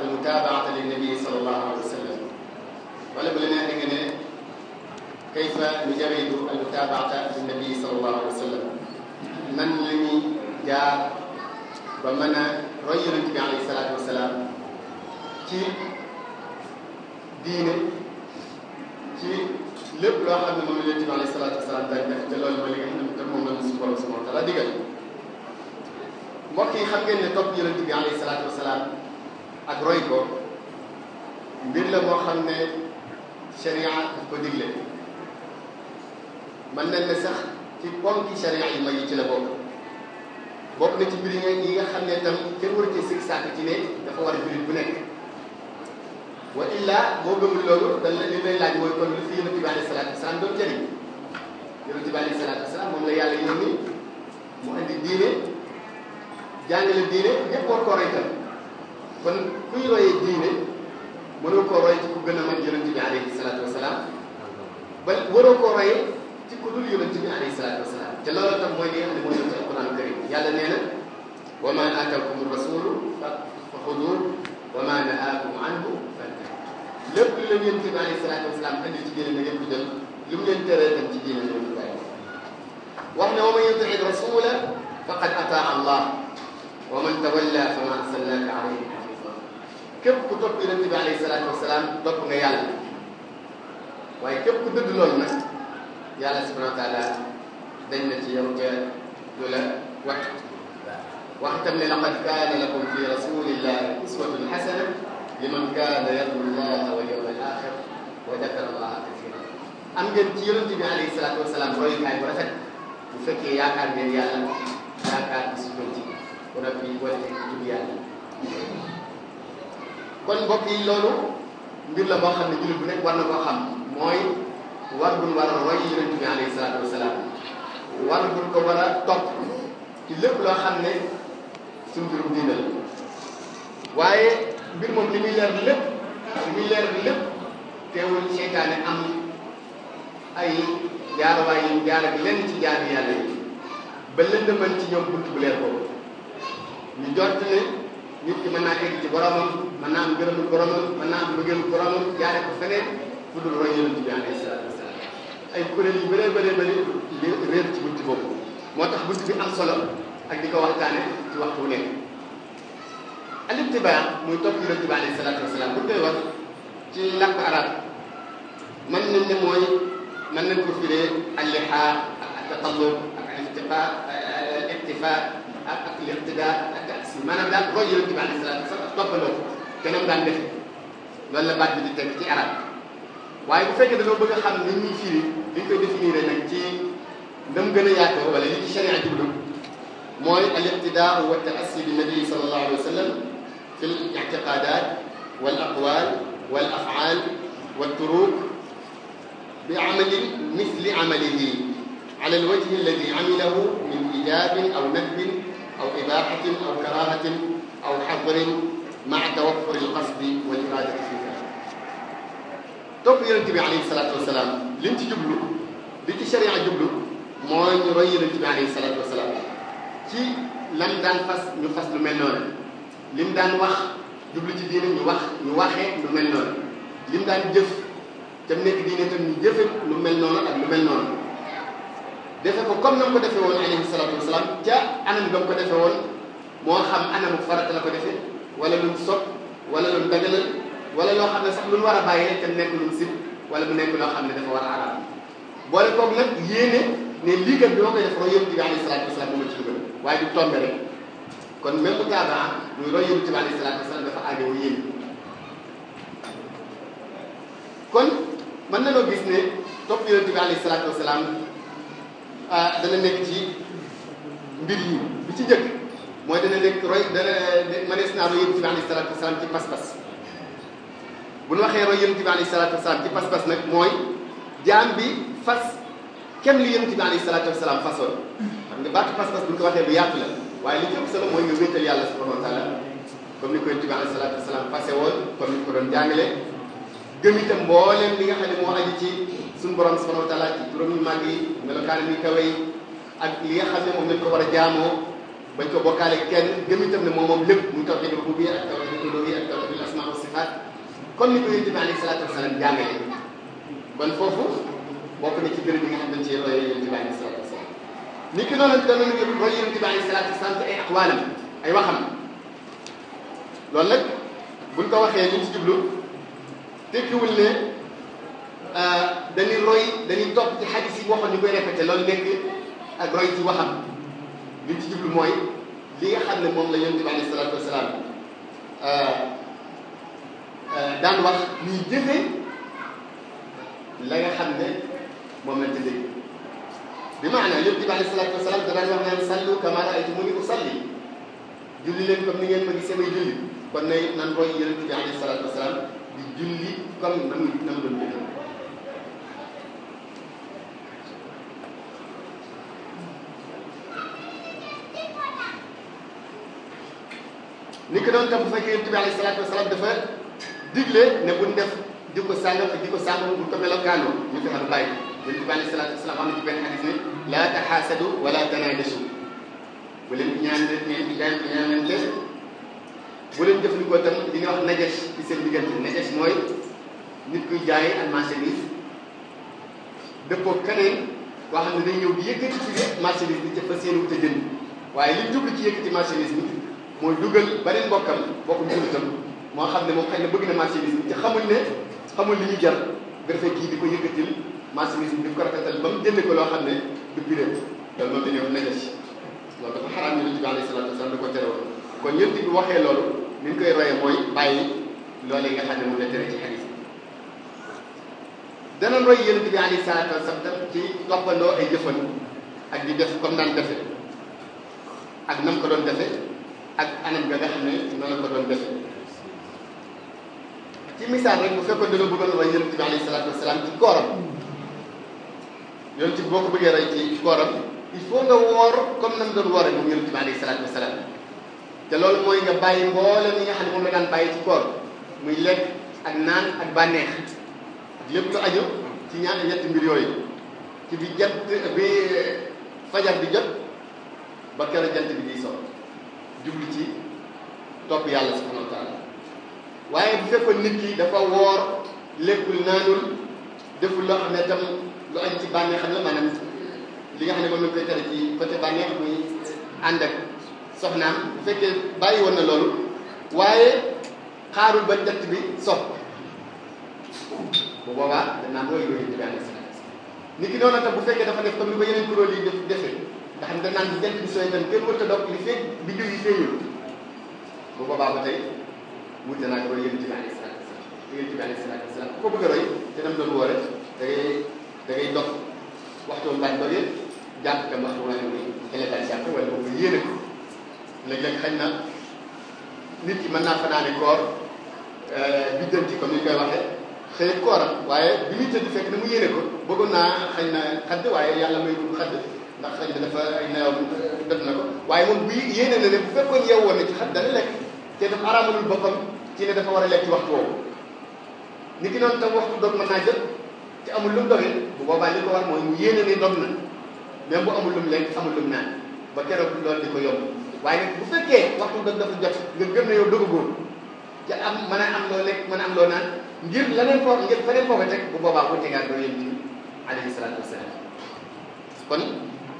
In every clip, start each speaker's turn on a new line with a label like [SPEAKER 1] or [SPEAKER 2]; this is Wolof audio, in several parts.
[SPEAKER 1] al mutaabaata li nabi sallallahu alayhi wa sallam wala bu leneen da nga ne kayfa nujaridu al mutaabaata li nabi sallallahu alayhi wa sallam nan la ñuy jaar ba mën a roy yonent bi alayhi salaatu wa salaam ci diine ci lépp loo xam ne moom la yonent bi alayhi salaatu wa salaam daan def te loolu mooy li nga xam ne moom la ñu suñu borom subhanahu wa taala digal mbokk yi xam ngeen ne topp yonent bi alayhi salaatu wa salaam ak roy ko mbir la moo xam ne sharia daf ko digle mën nañ ne sax ci ponki sharia yi mag yi ci la bokk bokk na ci mbir yi nga xam ne tam kenn war a ci sikk sàkk ci ne dafa war a jurit bu nekk wa illa boo gëmul loolu dañ la li lay laaj mooy kon lu fi yonente bi alayhi salaatu wasalaam doon jëriñ yonente bi alayhi salaatu wasalaam moom la yàlla yónni mu indi diine jàngale diine ñëpp war koo roy kon kuy royee diine mënoo koo roy ci ku gën a mën yonente bi alayhi salaatu wasalaam ba waroo koo royee ci ku dul yonente bi alayhi salaatu wasalaam te loolu tam mooy li nga xam ne mooy ci alquran karim yàlla nee na wa ma aatakum rasulu fa xudur wa ma nahaakum anhu fantahu lépp lu leen yonente bi alayhi salaatu wasalaam andi ci diine na ngeen ko jël lu mu leen teree tam ci diine loolu bàyyi wax ne wa man yuti'i rasula faqad ataa allah wa man tawalla fa ma arsalnaka alayhim képp ku topp yonent bi alayhi salaatu wasalaam topp nga yàlla waaye képp ku dëdd loolu nag yàlla subhanahu wa taala dañ na ci yow te du la wax wax itam ne laqad kaana lakum fi rasulillahi uswatun xasana liman kaana yarju llaha wal yawma al axir wa dakara allaha kasira am ngeen ci yonent bi alayhi salaatu wasalaam royukaay bu rafet bu fekkee yaakaar ngeen yàlla yaakaar bi su ko ci kon nag ñu boole ci yàlla kon mbokk yi loolu mbir la moo xam ne jullit bu nekk war na koo xam mooy war buñ war a roy yonent bi alayhi salaatu wasalaam war buñ ko war a topp ci lépp loo xam ne suñu mbirum diine waaye mbir moom li muy leer lépp li muy leer lépp teewul seytaane am ay jaarawaay yi jaar ak lenn ci jaar yàlla yi ba lëndëmal ci ñoom bunt bu leer boobu ñu jot nit ki mën naa egg ci boromam mën naa am ngërëmul boromam mën naa am bëggeelu boromam jaare ko feneen fu dul roy yonent bi alayhi salaatu wasalaam ay kuréel yu bëree bëree bëri réer ci bunti boobu moo tax bunti bi am solo ak di ko waxtaane ci waxtu wu nekk al-ittibaa muy topp yonent bi alayhi salaatu wax ci làkk arab mën nañ ne mooy mën nañ ko firee al-lihaa ak at al-ittiba al-iktifa al-iqtidaa maanaam daal roy yonent bi alayhi salaatu wasalaam toppaloo ko te nam daan defe loolu la baat bi di teg ci arab waaye bu fekkee dañoo bëgg a xam ni ñuy firi li ñu koy définir nag ci ndam gën a yaatoo wala li ci sharia jublu mooy al iqtidaa wa taassi bi nabi sallallahu alayhi wa sallam fi l ictiqadat wal aqwal wal afaal wal turuq bi amalin misli amalihi ala al wajhi alladi amilahu min ijabin aw nadbin أو إباحة أو كراهة أو حظر مع توفر القصد والإرادة في ذلك topp yonent bi alayhi salaatu wasalaam liñ ci jublu li ci sharia jublu mooy ñu roy yonent bi alayhi salaatu wasalaam ci lam daan fas ñu fas lu mel noonu lim daan wax jublu ci diine ñu wax ñu waxee lu mel noonu lim daan jëf tam nekk diine tam ñu jëfe lu mel noonu ak lu mel noonu defe ko comme na mu ko defee woon alayhi salaatu wasalaam ca anam ga mu ko defee woon moo xam anamu farata la ko defee wala lu mu sopp wala lu mu daganal wala loo xam ne sax lu war a bàyyi rek te nekk lu mu sib wala mu nekk loo xam ne dafa war a araam boole koog nag yéene ne lii kat bi ma koy def roy yóbbu ci bi alayhi salaatu wasalaam bu ma ci dugal waaye du tombe rek kon même bu taabaa muy roy ci bi alayhi salaatu wasalaam dafa aajowoo yéene kon mën na noo gis ne topp yonente bi alayhi salaatu wasalaam Ah, dana nekk ci mbir yi bi ci njëkk mooy dana nekk roy dana mënees naa roy yonent bi alayhi salaatu wasalaam bu ñu waxee roy yonent bi alayhi salaatu wasalaam ci pas nag mooy jaam bi fas kem li yonent bi alayhi salaatu wasalaam fasoon xam nga baatu pas-pas bu ñu ko waxee bu yaatu la waaye li ci ëpp ni ko yonent bi alayhi salaatu wasalaam fase ni ko doon jàngale gëm itam mbooleem li nga xam ne moo aju ci suñu borom subhanahu wa taala ci turam yu màgg yi melokaan yu li nga xam ne moom lañ ko war a jaamoo bañ ko bokkaale kenn gëm itam ne moom moom lépp muy tawhid rububiyya ak tawhid uluhiyya ak tawhid asmaa wa sifaat kon ni ko yonent bi alayhi salaatu wasalaam jàngale kon foofu bokk na ci béréb yi nga xam ne ci roy yonent bi alayhi salaatu wasalaam ni ki noonu danoon nga roy yonent bi ay waxam loolu nag buñ ko waxee liñ ci tekkiwul ne euh, dañuy roy dañuy topp ci xadis yi waxoon ñu koy répété loolu nekk ak roy ci waxam li ci jublu mooy li nga xam ne moom la yonent bi alayhi salaatu wasalaam euh, euh, daan wax ñuy jëfe la nga xam ne moom lañ ci dégg bi maanaam yonent bi alayhi salaatu wasalaam a wax naan sallu kamaa ra'aytumuni usalli julli leen comme ni ngeen ma gisee may julli kon nay nan roy yonent bi alayhi salaatu wasalaam di julli comme na mu na mu doon julli ni ko doon tam bu fekkee yonent bi alayhi salaatu wa salaam dafa digle ne bu ñu def di ko sàngam ak di ko sàngam bu ko melokaanoo ñu fexe ba bàyyi yonent bi alayhi salaatu wa salaam am na ci benn hadis ne laa taxaasadu wala tanaajashu bu leen ñaan leen ngeen di ñaanante bu leen jëfandikoo tam li ñuy wax najas ci seen diggante najas mooy nit kuy jaay ak marchandise dëppoo keneen koo xam ne day ñëw di yëkkati ci marchandise bi ca fas yéene wut a jënd waaye li jublu ci yëkkati marchandise bi mooy dugal beneen mbokkam mbokkum jullitam moo xam ne moom xëy ne bëgg na marchandise bi te xamul ne xamul li ñu jar nga kii di ko yëkkatil marchandise bi di ko rafetal ba mu jënd ko loo xam ne du piré loolu moom dañuy wax najas loolu dafa xaraam ñu ne Nabi alayhi salaatu wa salaam da ko terewoon kon ñëpp di waxee loolu. ni koy royee mooy bàyyi loolee nga xam ne moom la tere ci xadis dana roy yonent bi alayhi salaatu wasallam ci toppandoo ay jëfan ak di def comme naan defe ak nam ko doon defe ak anam ga nga xam ne noonu ko doon defe ci misaal rek bu fekkoon dana bëggoon roy yonent bi alayhi salaatu wasallam ci kooram yonent bi boo ko bëggee roy ci kooram il faut nga woor comme nam doon woore moom yonent bi salaatu wasallam te loolu mooy nga bàyyi mboolem yi nga xam ne moom la bàyyi ci koor muy lekk ak naan ak bànneex ak lépp lu aju ci ñaar ñetti mbir yooyu ci bi jant bi fajar bi jot ba keroog jant bi di soxla jublu ci topp yàlla subhanahu wa waaye bu fekkoon nit ki dafa woor lekkul naanul deful loo xam ne tam lu aju ci bànneexam la maanaam li nga xam ne moom lañ koy tere ci côté bànneex muy ànd ak. soxnaam bu fekkee bàyyi woon na loolu waaye xaarul ba jant bi sox bu boobaa danaa mooy yooyu di benn nit ki noonu bu fekkee dafa def comme li ba yeneen kuréel yi def defee nga xam bi sooy tam kenn warut a dog li feeg bi diw yi feeñul boobaa ba tey wute naa ko ba yéen ci benn islam bëgg a roy te dem doon woore da da ngay dox waxtu woon bañ doge jàpp tam waxtu woon a ngi élevage jàpp boobu yéene léeg-léeg xañ na nit ki mën naa fanaane koor euh, biddanti comme ni ñu koy waxee xëy kooram waaye bi muy tëdd fekk na mu yéene ko bëggoon naa xañ na xadd waaye yàlla may ko xadd ndax xañ na dafa ay nelaw def na ko waaye moom bu yéene na ne bu fekkoon yow woon ci lekk te dafa ni ki noonu tam waxtu dog mën naa jot te amul lu mu dogee bu boobaa li ko war mooy yéene ne dog na même bu amul lu lekk amul lu mu ba keroog loolu di ko yomb waaye nag bu fekkee waxtu dëgg dafa jot nga gëm ne yow dëggagoo ca am mën a am loo a naan ngir leneen foo ngir feneen foo ko teg bu boobaa boo tegaat doo yem kon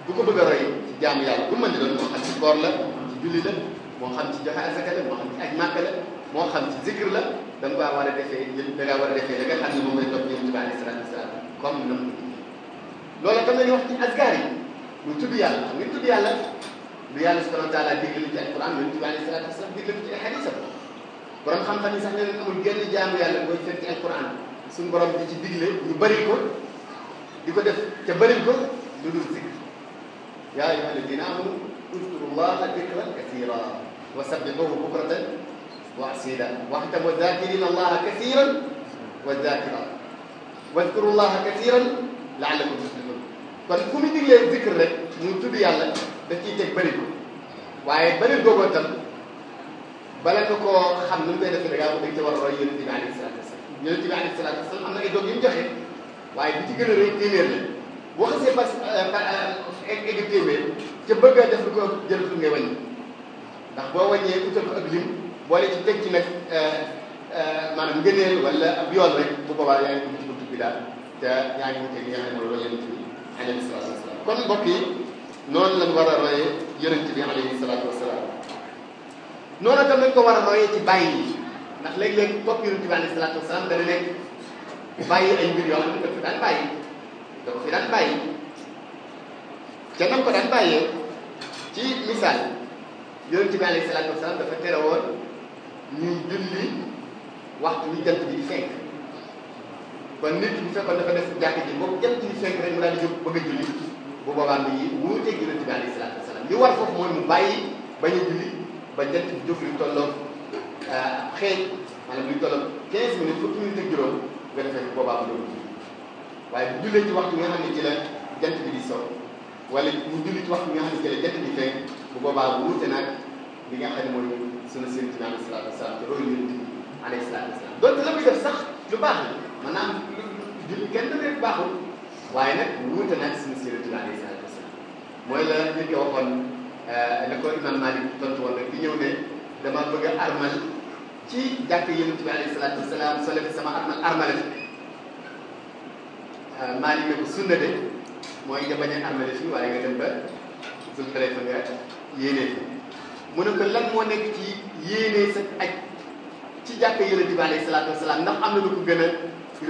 [SPEAKER 1] bu ko bëgg a roy ci jaamu yàlla bu mën di doon moo xam ci koor la ci julli la moo xam ci joxe asaka la moo xam ci aj màkka la moo xam a defee yëpp da ngaa a defee da nga ne moom lay topp yonent bi yàlla muy tudd yàlla lu yàlla subhanahu wa taala digle ci alquran yonent bi alayhi salaatu wa salaam digle ci ay xadisam borom xam-xam yi sax ne leen amul genn jaamu yàlla booy fekk ci alquran suñu borom di ci digle ñu bëri ko di ko def te bëri ko lu dul zikr yaa ayyuha alladina amanu uzkuru llaha dikran kasira wa sabbihuhu bukratan wa asila waxta wa zakirina allaha kasiran wa zakira wadkuru llaha kasiran laallakum tuflihun kon fu mu diglee zikr rek mu tudd yàlla da ciy teg bëri waaye bëri googu tam bala ñu koo xam nu mu koy defee da nga war a roy yonent bi alayhi salaatu wasalaam yonent bi alayhi salaatu wasalaam am na ay doog yu mu waaye bi ci gën a rëy téeméer la boo xasee parce que egg téeméer ca bëgg a def lu ko jël lu ngay wàññi ndax boo wàññee utal ko ak lim boole ci teg ci nag euh, euh, maanaam ngëneel wala ab yoon rek bu boobaa yaa ngi dugg ci buntu bi daal te yaa ngi wuteeg li nga xam ne loolu yonent bi alayhi kon mbokk noonu lañ war a royee yonent bi alayhi salaatu wasalaam noonu tam lañ ko war a royee ci bàyyi ndax léegi léeg topp yonent bi alayhi salaatu wasalaam dana nekk bàyyi ay mbir yoo xam ne ci misaal yonent bi alayhi salaatu dafa tere woon ñuy julli waxtu wi jant bi di fenk kon nit bu fekkoon dafa def jàkk ji boobu jant bi fenk rek mu daal di bëgg a julli bu boobaa mbir yi wuuteeg yonent bi alayhi wa salaam li war foofu mooy mu bàyyi bañ a julli ba jant bi jëf lu tolloog ah, xeeñ maanaam lu tolloog 15 minutes fukki minutes ak juróom nga defee bu boobaa mu doon julli waaye bu jullee ci waxtu nga xam ne ci la jant bi di sow wala mu julli ci waxtu nga xam ne ci la jant bi fekk bu boobaa wuute nag li nga xam ne mooy sunu sëriñ bi alayhi salaatu wa salaam te loolu yonent bi alayhi salaatu wa salaam donc la muy def sax lu baax la maanaam bi alayhi salaatu wasalaam mooy la nit eh, ko imam Malik tontu woon rek di ñëw ne dama bëgg a armal ci jàkk yonent bi alayhi salaatu wasalaam soo leen sama armal armale fi eh, Malik ne ko sunna de mooy nga bañ a armale fii waaye nga dem ba zul xalefa nga yéenee fi mu ne ko lan moo nekk ci yéenee sa aj ci jàkk yonent bi alayhi salaatu wasalaam ndax am na lu ko gën a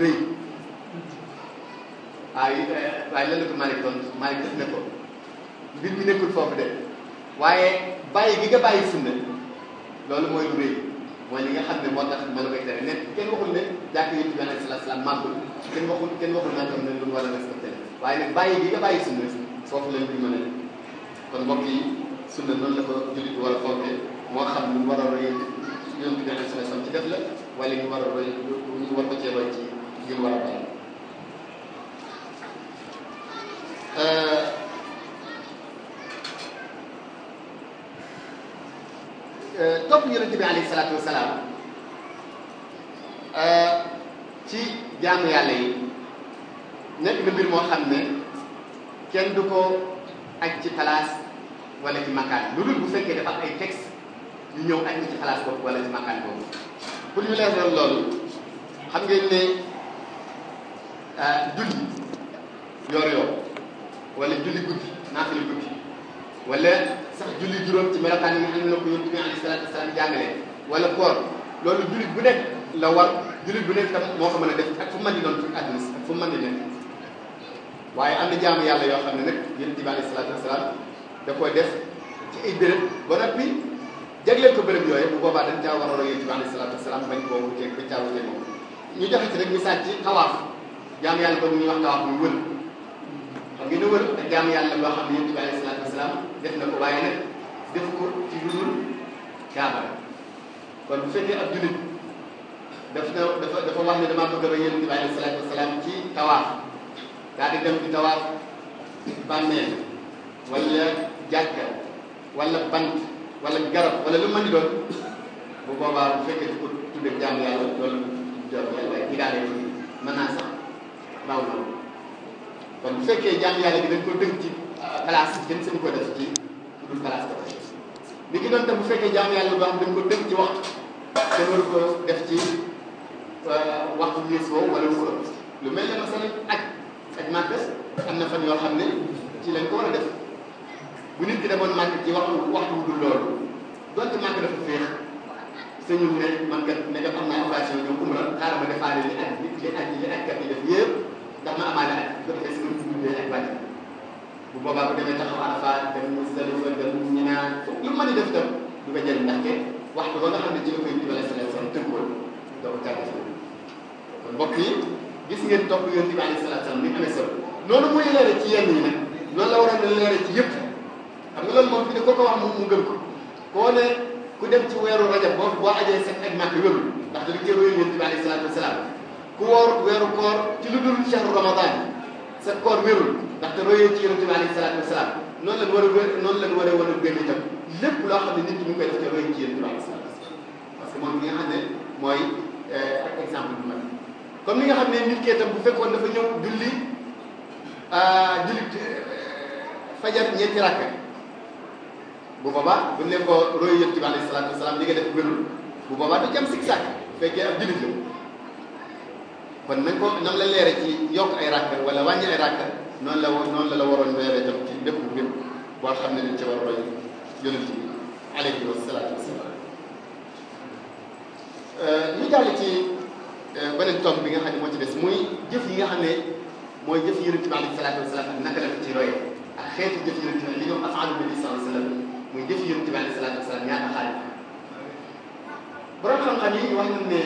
[SPEAKER 1] rëy Eh, waaye waaye lan la ko Malick doon Malick def ne ko mbir mi nekkul foofu de waaye bàyyi gi nga bàyyi sunna loolu mooy lu rëy mooy li nga xam ne moo tax ma la koy tere ne kenn waxul ne jàkk yëpp bi alayhi salaatu salaam màggul kenn waxul kenn waxul naa tam ne lu mu war a respecté waaye nag bàyyi gi nga bàyyi sunna foofu lañ koy mën a kon mbokk yi sunna noonu la ko jullit war a foofee moo xam lu mu war a roy yoon bi alayhi salaatu salaam ci def la wala ñu war a roy ñu war ko a Euh, euh, topp yonent bi alayhi salaatu wasalaam euh, ci jaamu yàlla yi nekk na mbir moo xam ne kenn du ko aj ci palaas wala ci makaan lu dul bu fekkee dafa ay texte yu ñëw aj ci palaas boobu wala ci makaan boobu pour ñu leeral loolu xam ngeen ne julli yor yor wala julli guddi naafila guddi wala sax julli juróom ci melokaan yi nga xam ne na ko yonent bi alayhi salaatu wasalaam jàngale wala koor loolu jullit bu nekk la war jullit bu nekk tam moo ko mën a def ak fu mën di doon ci àdduna si ak fu mën nekk waaye am na jaamu yàlla yoo xam ne nag yonent bi alayhi salaatu wasalaam da koo def ci ay béréb ba noppi jagleel ko béréb yooyu bu boobaa dañ caa war a roy yonent bi alayhi salaatu wasalaam bañ koo wuteeg bañ caa wuteeg moom ñu joxe ci rek misaal ci xawaaf jaamu yàlla nga ne wër ak jaamu yàlla boo xam ne yonent bi alayhi salaatu wasalaam def na ko waaye nag def ko ci lu dul kaaba kon bu fekkee ab jullit daf na dafa dafa wax ne damaa bëgg a yonent bi alayhi salaatu wasalaam ci tawaaf daal di dem ci tawaaf bàmmeel wala jàkka wala bant wala garab wala lu mën di doon bu boobaa bu fekkee daf ko tudde jaamu yàlla loolu jaamu yàlla waaye ci mën naa sax raw na kon bu fekkee jaamu yàlla gi dañ ko dënk ci euh, place kenn sañu ko def ci dul place dafa li ki doon tam bu fekkee jaamu yàlla boo xam dañ ko dënk ci waxtu kenn waru ko def ci euh, waxtu gis woowu lu mel ne ak ak màgg am na yoo xam ne ci lañ ko bu nit ki demoon màgg ci waxtu waxtu dul loolu sañul ne man kat ne am naa occasion ñoom umra xaaral ma defaale li aj li aj li aj bu boobaa bu demee taxaw Arafat dem Muzdalifa dem Mina lu mën a def tam du ko jël ndaxte waxtu ba nga xam ne ci la koy Yonent bi alayhi salaatu salaam tënkoon doo ko kon mbokk yi gis ngeen topp Yonent bi alayhi salaatu salaam ni amee solo noonu muy leere ci yenn yi nag noonu la war a leere ci yëpp xam nga loolu moom fi ko ko wax moom mu gëm ko koo ne ku dem ci weeru rajab boo boo ajee sa ak màkk wérul ndaxte li jël Yonent bi alayhi salaatu salaam ku woor weeru koor ci lu dul shahru ramadan sa koor wérul ndaxte royee ci yonente bi alayhi salaatu wasalaam noonu lañ war a wér noonu lañ war a war a gën itam lépp loo xam ne nit ñi koy def te royee ci yonente bi alayhi salaatu wasalaam parce que moom mi nga xam ne mooy euh, ak exemple bu mag comme nga xam ne nit kee itam bu fekkoon dafa ñëw julli euh, julli euh, fajar ñeenti rakka bu boobaa buñ ne ko royee yonente bi alayhi salaatu wasalaam li nga def wérul bu boobaa da ci am sikk sàkk fekkee ab jullit la kon nañ ko nam la leere ci yok ay rakka wala wàññi ay rakka noonu la noonu la la waroon leere tam ci bépp mbir boo xam ne dañ ca war a roy yonent bi alayhi wasalaatu wasalaam euh, ñu ci euh, beneen tomb bi nga xam ne moo ci des muy jëf yi nga xam ne mooy jëf yonent bi alayhi salaatu wasalaam ak naka la ko ci royee ak nabi sallallahu alayhi wasallam muy jëf yonent bi alayhi salaatu wax nañ ne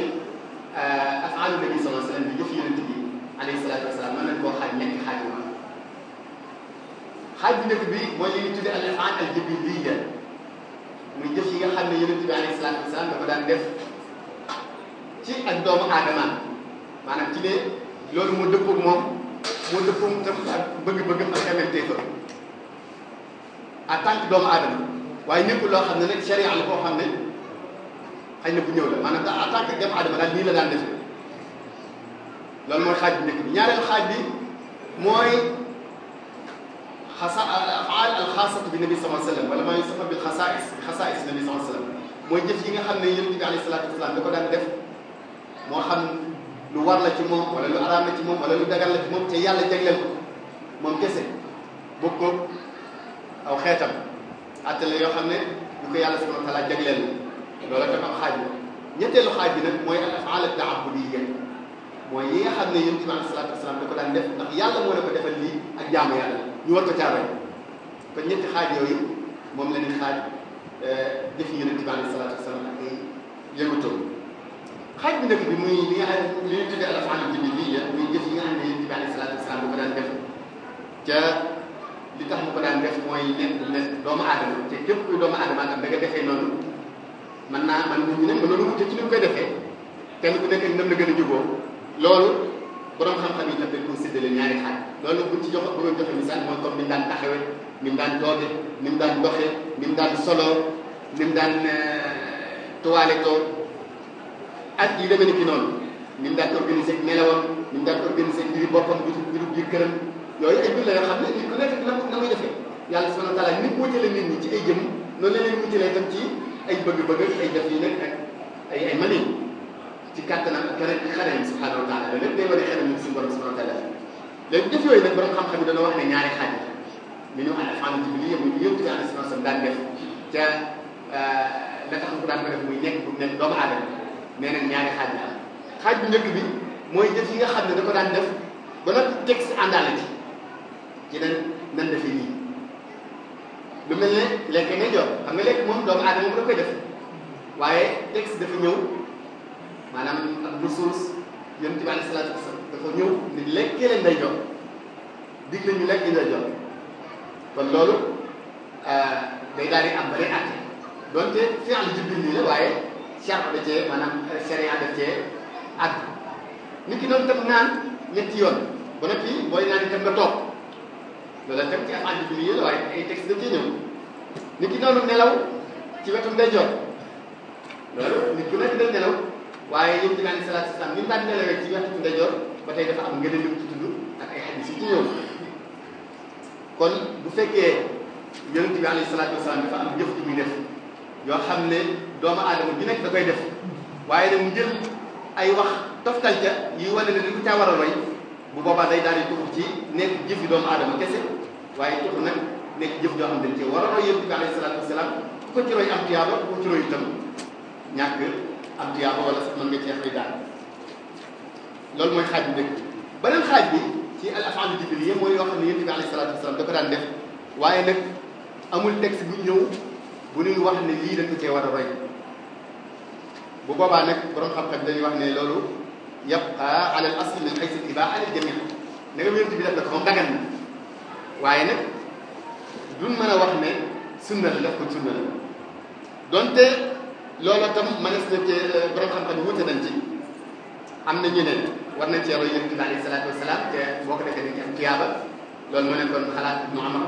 [SPEAKER 1] euh, amalu nabi sallallahu alayhi wa sallam bi jëf yonent bi alayhi salaatu wa salaam mën nañu koo xaaj ñetti xaaj yu mag xaaj bi njëkk bi mooy li ñuy tuddee al afaan al jibiliya muy jëf yi nga xam ne yonent bi alayhi salaatu wa daan def ci ak doomu aadama maanaam ci ne loolu moo dëppoog moom moo dëppoog tam ak bëgg-bëggam ak xemelteefam en tant que doomu aadama waaye nekkul loo xam ne nag sharia la koo xam ne xëy na bu ñëw la maanaam en tant que doomu aadama nii la daan defee. loolu mooy xaaj bu njëkk bi ñaareelu xaaj bi mooy xasa al afaal al xaasatu bi nabi sallallahu alayhi wa sallam wala maa yusamma bil xasaais bi xasaais nabi sallallahu alayhi wa sallam mooy jëf yi nga xam ne yonent bi alayhi salaatu wasalaam da ko daan def moo xam lu war la ci moom wala lu araam la ci moom wala lu dagal la ci moom te yàlla jagleel ko moom kese bokkoo aw xeetam attale yoo xam ne ñu ko yàlla subhanahu wa taala jagleel la loola tam am xaaj la ñetteelu xaaj bi nag mooy al afaal al taabudiyya mooy yi xam ne yonent bi alayhi salaatu wasalaam da ko daan def ndax yàlla moo ne ko defal lii ak jaamu yàlla ñu war ko caaroy kon ñetti xaaj yooyu moom la ñu xaaj eh, def yonent bi alayhi salaatu wasalaam ak ay yëngatoom xaaj muy li nga xam li ñu tuddee al af'aalu jibiliya muy jëf yi nga xam ne yonent bi alayhi salaatu wasalaam da ko daan def ca li tax mu ko daan def mooy nekk doomu aadama te képp kuy doomu aadama ak am defee noonu man naa man ñu ne mënoon wute ci ni mu koy defee kenn ku nekk nam la gën a juboo loolu borom xam-xam yi nag dañ ko séddale ñaari xaaj loolu buñ ci joxe bëggoon joxe misaal mooy comme ni mu daan taxawee ni mu daan doote ni mu daan doxee ni mu daan solo ni mu daan euh, toilettoo ak yu demee ni ki noonu ni mu daan organisé nelawam ni mu daan organisé mbiri boppam mbiru biir këram yooyu ay mbir la xam ne nit ku nekk na na muy defee yàlla subhanahu wa taala nit wutale nit ñi ci ay jëm noonu la leen wutalee tam ci ay bëgg-bëgg ay def yi nag ay ay ci kàttanam keneen xareem subhanahu wa taala loolu lépp day wane xareem suñu borom subhanahu wa taala léegi jëf yooyu nag borom xam-xam yi dana wax ne ñaari xaaj la mi ñu ànd fànn bi li yëngu nekk bu nekk doomu aadama nee nañ ñaari xaaj la am xaaj bi mooy jëf yi nga xam ne da ko daan def ba nag texte àndaale ci ci nan nan defee nii lu mel ne lekk moom doomu aadama koy def waaye texte defi ñëw maanaam ak nusuus yonent bi alayhi salaatu wasalaam dafa ñëw ni lekkee leen day jox dig la ñu lekk day jox kon loolu euh, day daal di am ba day àtte donte fi'l jibril la waaye charte da cee maanaam euh, sharia da cee àtte nit ki doon tam naan ñetti yoon ba noppi booy naan itam nga toog loolu itam ci af'aal jibril la waaye ay texte da cee ñëw nit ki nelaw ci wetum day jot loolu nit ku nekk nelaw. waaye yonent bi alayhi salaatu salaam ni mu daan nelawee ci wetu ndeyjoor ba tey dafa am ngëneel yu ci tudd ak ay xadis yu ci ñëw kon bu fekkee yonent bi alayhi salaatu salaam dafa am jëf yoo xam ne doomu aadama bi nekk da koy def waaye nag mu jël ay wax toftal ca yuy wane ne li ko war a roy bu boobaa day daal di ci nekk jëf yi doomu aadama kese waaye tuxu nag jëf joo xam ne dañ cee war a roy yonent bi alayhi salaatu salaam ku ko ci roy am tiyaaba ku ko ñàkk. am tiyaaba wala sax mën nga cee xëy daal loolu mooy xaaj bu njëkk bi beneen xaaj bi ci al afaalu jibriliya mooy yoo xam ne yonent bi alayhi salaatu wasalaam da ko daan def waaye nag amul texte bu ñëw bu ñuy wax ne lii dañ ko cee war a roy bu boobaa nag borom xam-xam dañuy wax ne loolu yabqa ala al asl min xaysu al ibaaha lil jamii na nga yonent bi def dafa moom dagan na waaye nag duñ mën a wax ne sunna la def ko sunna la donte loolu tam mënees na ci euh, borom xam-xam wute nañ ci am na ñu ne war nañ cee roy yonent bi alayhi salaatu wasalaam te boo ko defee dañuy am tiyaaba loolu moo nekkoon xalaat Ibnu Umar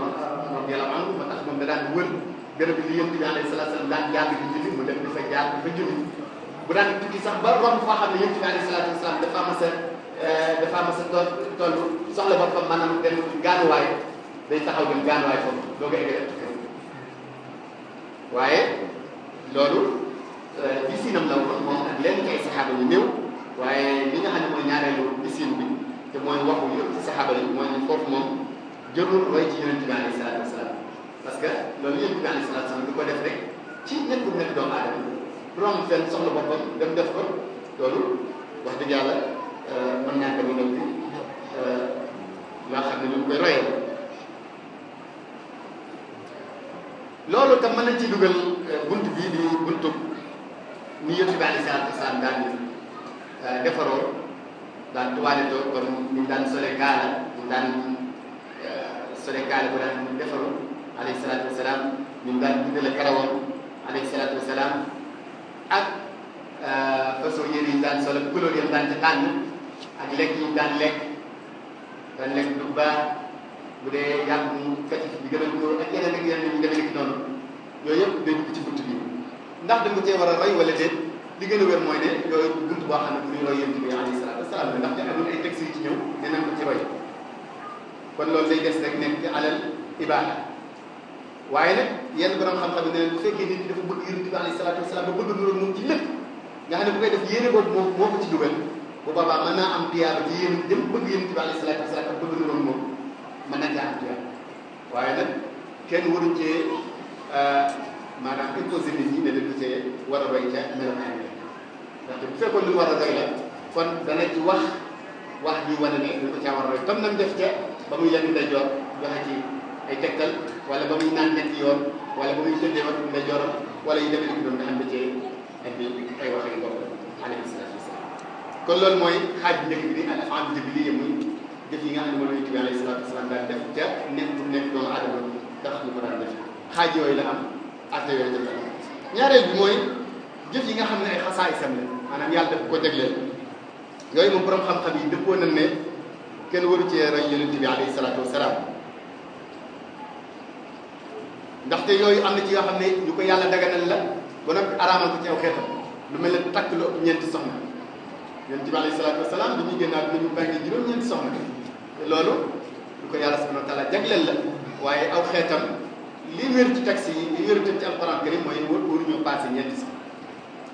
[SPEAKER 1] radiyallahu anhu moo tax moom da daan wër béréb bi yonent bi alayhi salaatu wasalaam daan jaar di julli mu dem di fa jaar di fa julli daan tukki sax ba romb foo xam ne yonent bi alayhi salaatu wasalaam dafa mas a euh, dafa mas a toll toll soxla boppam maanaam dem gaanuwaay day taxaw dem gaanuwaay foofu doo ko egg waaye loolu bisinam euh, la woon moom ak leen ci ay saxaaba yu néew waaye li nga xam ne mooy ñaareelu bisin bi te mooy waxu yëpp ci saxaaba yi mooy ne foofu moom jërul roy ci yonente bi alayhi salaatu wasalaam parce que loolu yonente bi alayhi salaatu wasalaam di ko def rek ci nekk bu nekk doomu aadama bu romb fenn soxla boppam dem def ko loolu wax dëgg yàlla euh, mën naa ko mën a bi loo xam ne ñu ngi koy royee loolu tam mën nañ ci dugal euh, bunt bii di buntu ni yonent bi aleyhi salaatu wa salaam daan euh, defaroo daan tuwaaletoo kon ñu daan sole kaala ñu daan euh, sole kaala bu daan defaroo aleyhi salaatu wa salaam ñu daan dundale karawoon aleyhi salaatu wa salaam ak euh, façon yére yi daan solo couleur yi daan ci tànn ak lekk yi daan lekk daan lekk du baax bu dee yàpp mu fecc bi gën a góor ak yeneen ak yeneen ñu demee nekk noonu yooyu yëpp dañ ko ci bunt bi ndax dama cee war a roy wala déet li gën a wér mooy ne yooyu bunt boo xam ne bu ñuy roy yonent bi alayhi salaatu wasalaam la ndax ñu amul ay textes yi ci ñëw dinañ ko ci roy kon loolu day des rek nekk ci alal ibaada waaye nag yenn borom xam-xam yi ne bu fekkee nit dafa bëgg yonent bi alayhi salaatu wasalaam ba bëgg nuróo moom ci lépp nga xam ne bu koy def yéene boobu moo moo ko ci dugal bu boobaa mën naa am tiyaaba ci yéen dem bëgg yonent bi alayhi salaatu wasalaam ak bëgg nuróo moom mën na caa am tiyaaba waaye nag kenn waru cee euh, maanaam imposé nit ñi ne dañu see war a roy ca melokaan yi ndaxte bu fekkoon lu war a roy la kon dana ci wax wax ñu wane ne dañ war a roy comme nam def ca ba muy yàgg ndeyjoor joxe ci ay tegtal wala ba muy naan nekk yoon wala ba muy tëddee wax ndeyjooram wala yu demee ni doon nga xam ne cee indi ay wax yu bopp alayhi salaatu wasalaam kon loolu mooy xaaj bi bi di al af'aal jibiliyya muy yi nga xam ne moom la ñu tubi alayhi salaatu wasalaam daan def ca nekk bu nekk doomu aadama tax ñu ko daan def xaaj yooyu la atte yooyu jëf ñaareel bi mooy jëf yi nga xam ne ay xasaay sam la maanaam yàlla def ko jagleel yooyu moom boroom xam-xam yi dëppoo nañ ne kenn waru cee roy yonent bi alayhi yooyu am na ci yoo xam ne ñu ko yàlla daganal la ba noppi araamal ko ci aw xeetam lu ma ne takk lu ëpp ñeenti soxna yonent bi alayhi salaatu wasalaam bi ñuy génnaat nañu bàyyi juróom ñeenti soxna te loolu lu ko yàlla subhanahu wa taala jagleel la waaye aw xeetam li wér ci taxi yi li wér ci alxuraan karim mooy waruñoo passé ñeenti sax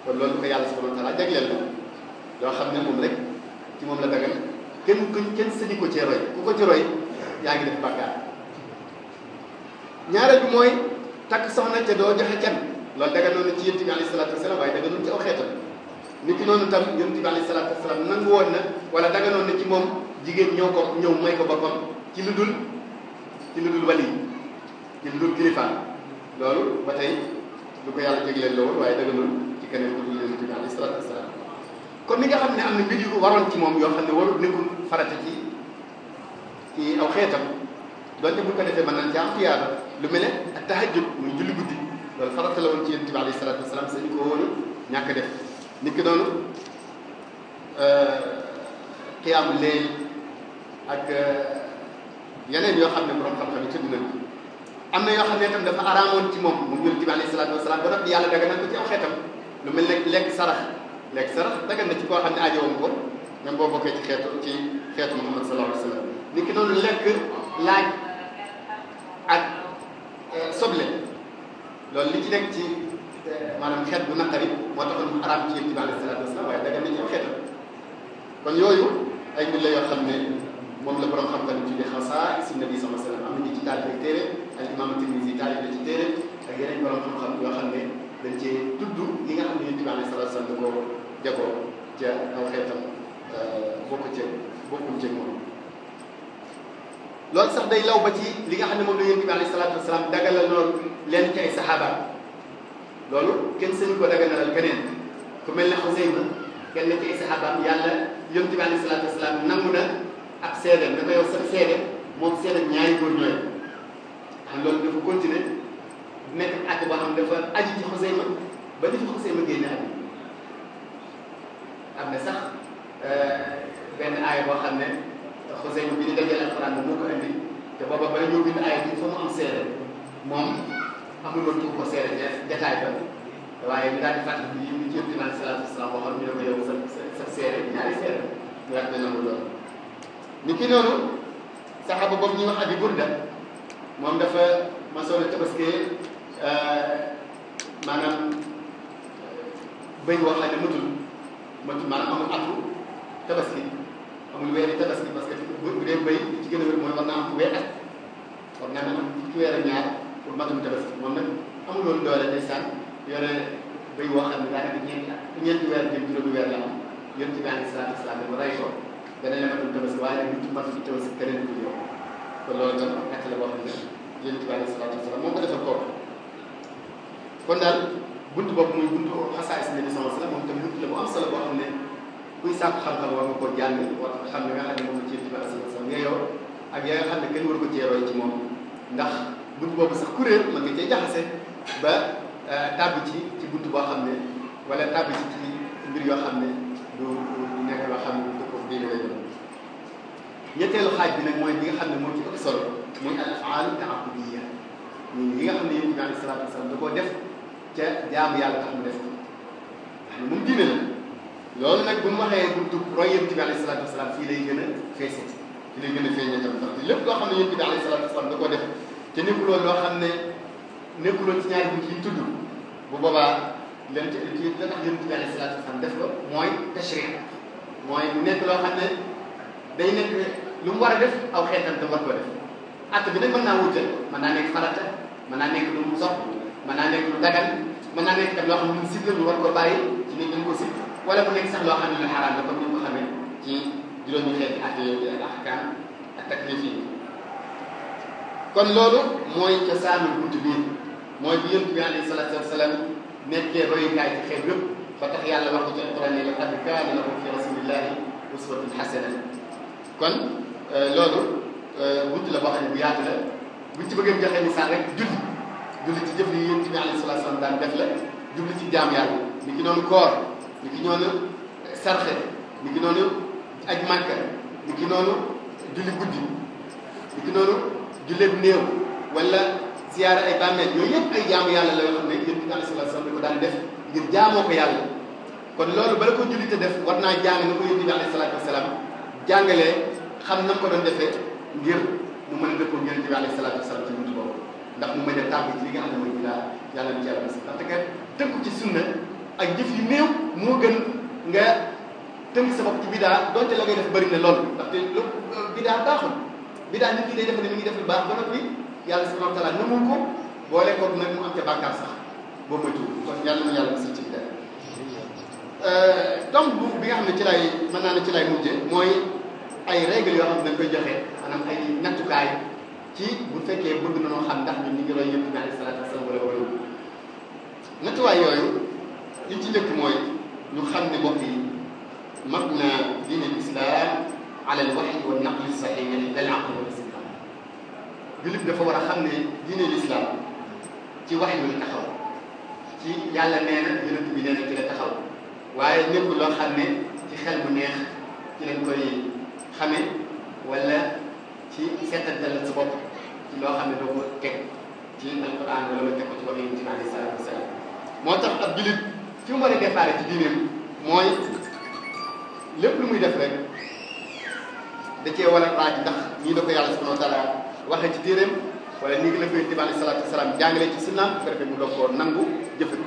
[SPEAKER 1] kon loolu ko yàlla subhanahu wa taala jagleel la loo xam ne moom rek ci moom la dagal kenn kuñ kenn sañu ko cee roy ku ko ci roy yaa ngi def bàkkaar ñaareel bi mooy takk soxna ca doo joxe kenn loolu daga noonu ci yonent bi alayhi salaatu wasalaam waaye daga noonu ci aw xeetam nit ki noonu tam yonent bi alayhi salaatu wasalaam nangu woon na wala daga noonu ci moom jigéen ñoo ko ñëw may ko boppam ci lu ci lu dul wali ci lu dul loolu ba tey lu ko yàlla jégleen la woon waaye dëgganul ci keneen ku dul yonent bi alayhi salaatu wasalaam kon ni nga xam ne am na mbir yu waroon ci moom yoo xam ne warul nekkul farata ci ci aw xeetam doonte bu ko defee mën nañ ci am tiyaaba lu mel ne ak tahajjud muy julli guddi loolu farata la woon ci yonent bi alayhi salaatu wasalaam sañu ko woonu ñàkk def nit ki noonu xiyaamu euh, leel ak euh, yeneen yoo xam ne borom xam-xam yi tudd nañ am na yoo xam ne itam dafa araamoon ci moom moom yonent bi alayhi salaatu wasalaam ba noppi yàlla daganal ko ci aw xeetam lu mel ne lekk sarax lekk sarax dagan na ci koo xam ne aajowam ko même boo bokkee ci xeetu ci xeetu Muhammad sallallahu alayhi wasallam ni ki noonu lekk laaj ak euh, soble loolu li ci nekk ci euh, maanaam xeet bu naqari moo taxoon mu araam ci yonent bi alayhi salaatu wasalaam waaye dagan na ci aw xeetam kon yooyu ay mbir la yoo xam ne moom la borom xam-xam ci di xasaa si nabi sallallahu alayhi wasallam am na ñu ci daal di téere al imam Tirmisi taalif na ci téere ak yeneen xam-xam xam ne dañ cee tudd li nga xam ne yonent bi alayhi salaatu euh, loolu sax day law ba ci xam ne moom la yonent loolu leen ci ko daganalal keneen ku ne Xuseyma kenn ci saxaabaam yàlla yonent bi alayhi salaatu wasalaam nangu na ab seedam dafa yow sa seede moom seedam ñaari góor ñooy xam loolu dafa continuer nekk àgg boo xam dafa aju ci Xuseyma ba ni fi Xuseyma génne am am na sax euh, benn aaya boo xam ne Xuseyma bi ñu dajale alxuraan moo ko indi te booba bala ñoo bind aaya bi fa mu am seere moom amul woon tuub ko seere jataay ba waaye ñu daal di fàttali yi ñu jëm dinaa salaatu salaam waxoon ñu ne ko yow sa sa seere ñaari seere ñu daal di nangu loolu ni ki noonu saxaaba boobu ñuy wax Abi Burda moom dafa masoon a tabaskee euh, maanaam euh, bëy wax la ne matul matul maanaam amul atu tabaski amul weeri tabaski parce que bu dee bëy ci gën a wér mooy war naa am weer at war naa am fukki weer ak ñaar pour matum tabaski moom nag amul woon doole ndeysaan yore bëy woo xam ne daanaka ñeenti ñeenti weer jëm juróomi weer la am yonent bi alayhi salaatu wasalaam mu rey ko beneen la matum tabaski waaye nag ñu ci matum tabaski kon loolu tam nekk la boo xam ne yonent bi alayhi salaatu wasalaam moo ko defal koor kon daal buntu boobu muy buntu xasaayis nabi sallallahu alayhi wasallam moom tam buntu la boo xam ne kuy sàkku xam-xam war ko koo jàng war nga xam ne nga xam ne moom la ci yonent bi alayhi salaatu wasalaam nga yow ak yaa nga xam ne kenn war ko roy ci moom ndax buntu boobu sax kuréel mën nga cee jaxase ba euh, tàbbi ci ci buntu boo xam ne wala tàbbi ci ci mbir xam ne du nekk loo xam ñetteelu xaaj bi nag mooy li xam ne moo ci ëpp solo muy al afaalu taabudiyya ñun li nga xam ne yonent bi alayhi salaatu wasalaam da koo def ca jaamu yàlla tax mu def ko ndax moom diine la loolu nag bu mu waxee buntu roy yonent bi alayhi salaatu wasalaam fii lay gën a feese fii lay gën a feeñee tam ndax lépp loo xam ne yonent bi alayhi salaatu wasalaam da koo def te nekkuloon loo xam ne nekkuloon ci ñaari bunt yi tudd bu boobaa leen ci ci la tax yonent bi alayhi salaatu wasalaam def ko mooy tashriix mooy nekk ne day nekk. lu mu war a def aw xeetam tam war koo def att bi nag mën naa wuute mën naa nekk farata mën naa nekk lu mu sopp mën naa nekk lu dagal mën naa nekk tam loo xam ne lu sib la lu war koo bàyyi ci nit ñu ko sib wala mu nekk sax loo xam ne lu xaraam la comme ni nga ko xamee ci juróomi xeeti at yooyu di al ahkam ak taklif yi kon loolu mooy cosaanu buntu bii mooy bi yonent bi alayhi salaatu wasalaam nekkee royukaay ci xeet yëpp ba tax yàlla wax ko ci alquran ne laqad kaana lakum fi rasulillahi uswatun hasana kon Euh, loolu euh, wuti la boo xam ne bu yaatu la buñ ci bëggee joxe misaal rek julli julli ci jëf yi yonent bi alayhi salaatu daan def la jubli ci jaam yàlla ni ki noonu koor ni ki noonu euh, sarxe ni ki noonu aj màkka ni ki noonu julli guddi ni ki noonu julleeb néew wala siyaara ay bàmmeel yooyu yëpp ay jaamu yàlla la yoo xam ne yonent bi alayhi salaatu ko daan def ngir jaamoo ko yàlla kon loolu bala ko jullite def war naa jàng na ko yonent bi alayhi jàngalee xam na ko doon defee ngir mu mën a dëppoo Yonent bi alayhi salaatu wasalaam ci buntu boobu ndax mu mën a tàbbi ci li nga xam ne mooy bidaa yàlla na ci yàlla mos ndaxte kat tënku ci sunna ak jëf yu néew moo gën nga tënk sa bopp ci bidaa donte la ngay def bëri na lool ndaxte lu euh, bidaa baaxul bidaa nit ki day def ne mi ngi def lu baax ba noppi yàlla subhanahu wa taala nangu ko boole ko nag mu am ca bàkkaar sax boo moytuwul kon yàlla na yàlla mos ci bidaa tomb euh, bi nga xam ne ci lay mën naa ne ci lay mujjee mooy ay règles yoo xam ne dañ koy joxe maanaam ay nattukaay ci bu fekkee bëgg na noo xam ndax ñun ñu ngi roy yonent bi alayhi salaatu wa salaam wala wala nattuwaay yooyu li ci njëkk mooy ñu xam ne mbokk yi mag na diine islam ala al wahyi wa naqli sahih lal aql wal islam jullit dafa war a xam ne diine ci yàlla nee na yonent bi nee na ci loo xam ne ci xel bu neex ci lañ xamee wala ci seetantalal sa bopp ci loo xam ne doo ko teg ci alquran wala nga teg ko ci wax yonent bi alayhi moo tax ab jullit fi mu war a déparé ci diineem mooy lépp lu muy def rek da cee war a ndax nii da ko yàlla subhanahu wa taala ci téeréem wala nii ngi la koy yonent bi alayhi salaatu wasalaam jàngale ci sunnaam bu ko defee mu doog koo nangu jëfal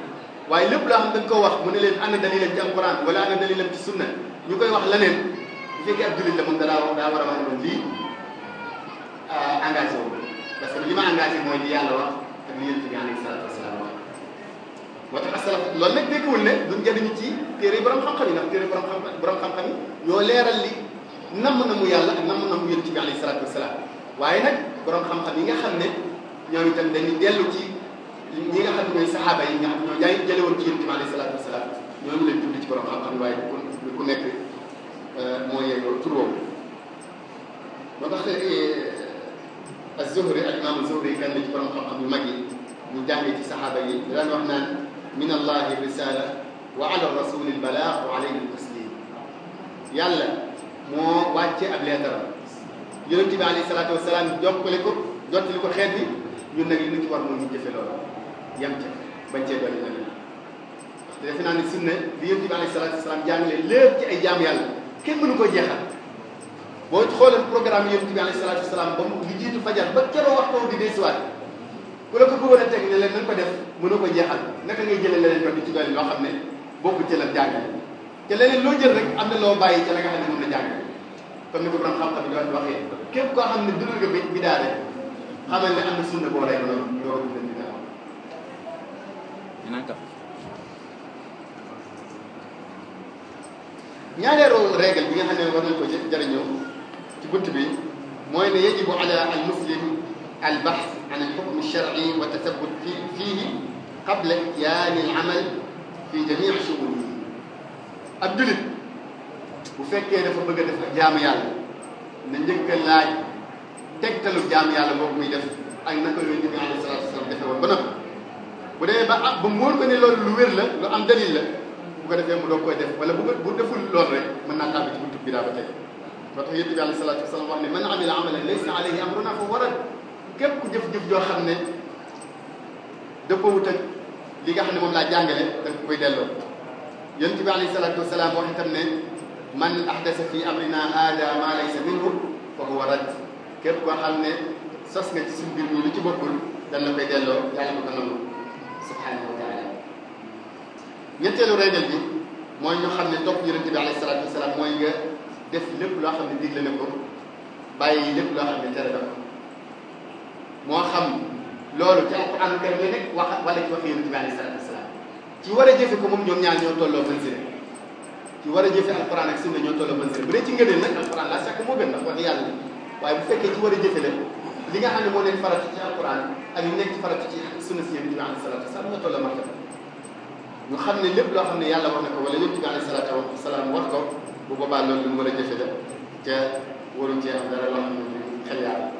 [SPEAKER 1] waaye lépp loo xam dañ ko wax mu ne leen ana dalilam ci alquran wala ana dalilam ci sunna ñu koy wax leneen bu fekkee ab jullit la moom a wax daa war a wax ne lii euh, engagé wu parce que li ma mooy li yàlla wax ak li yonent bi alayhi salaatu wasalaam wax moo tax asalaf loolu nag tekkiwul ne duñ jëriñu ci téere yi borom xam-xam borom xam borom xam-xam yi ñoo leeral li namm na mu yàlla ak namm na mu yonent bi alayhi salaatu wasalaam waaye nag borom xam-xam yi nga xam ne ñoom itam dañuy dellu ci ñi nga xam ne ñooy saxaaba yi nga xam ñoo jaay jële woon ci yonent bi alayhi salaatu wasalaam ñooñu leen tudd ci borom xam-xam waaye ku nekk Euh, moo yelloo tur woowu moo tax euh, az-Zuhri ak imaam az-Zuhri kenn ci borom xam-xam yu mag yi ñu jàngee ci saxaaba yi daan wax naan min allahi risala wa ala rasuli lbalaa wa alayhi taslim yàlla moo wàcce ab leetaram yonente bi alayhi salaatu wasalaam jokkale ko jottali ko xeet bi ñun nag li ñu ci war mooy ñu jëfe loolu yam ca bañ cee dolli leneen ndaxte defe naa ne sunna li yonente bi alayhi salaatu wasalaam jàngale lépp ci ay jaam yàlla kenn mënu ko jeexal boo xoolee programme yonent bi alayhi salaatu wasalaam ba mu jiitu fajar ba keroog waxtu bi dee siwaat ku la ko bëggoon a teg ne leen nañ ko def mënu ko jeexal naka ngay jëlee leneen ko di ci doole loo xam ne bokku ci la jàngale te leneen loo jël rek am na loo bàyyi ci la nga xam ne ko borom xam-xam yi doon waxee koo xam ne dund nga bi bi daale xamal ne am na sunna boo rey loolu loolu dina dina am ñaareelu règle bi nga xam ne war nañ ko jëriñoo ci bunt bi mooy ne yajibu ala al muslim al bahth an al hukm shar'i wa tathabbut fi fihi qabla yaani al amal fi jami' shughuli ab julit bu fekkee dafa bëgg a def jaamu yàlla na njëkk a laaj tegtalu jaamu yàlla boobu muy def ak naka yooyu ñu ngi alayhi salaatu wasalaam defe woon ba noppi bu demee ba am ba mu wóor ko ne loolu lu wér la lu am dalil la ko defee mu doog koy def wala bu bu deful loolu rek mën naa tàbbi ci buntu bi daa ba tey moo tax yonent bi alayhi salaatu wasalaam wax ne man amila amalan laysa alayhi amruna fa warad képp ku jëf-jëf joo xam ne dëppoowut ak li nga xam ne moom laa jàngale da nga koy delloo yonent bi alayhi salaatu wasalaam wax itam ne man ahdasa fi amrina haada maa laysa minhu fa huwa rad képp koo xam ne sos nga ci suñu mbir mi lu ci bokkul dañ la koy delloo yàlla na ko nangu subhaanahu ñetteelu reydel bi mooy ñu xam ne topp yonent bi alayhi salaatu wasalaam mooy nga def lépp loo xam ne digle na ko bàyyi lépp loo xam ne tere na moo xam loolu ci alquran karim la nekk wax ci wax yonent a jëfe ko moom ñoom ñoo tolloo manzila ci war a jëfe alquran ak sunna li nga xam ne moo nekk faratu ci alquran ak yu nekk ci faratu ci sunna si yonent bi alayhi salaatu wasalaam ñoo ñu xam ne lépp loo xam ne yàlla wax na ko wala yëpp ci alayhi salaatu wa salaam wax ko bu boobaa loolu lu mu war a jëfe def te waruñ cee am dara loo xam ne du xel yàlla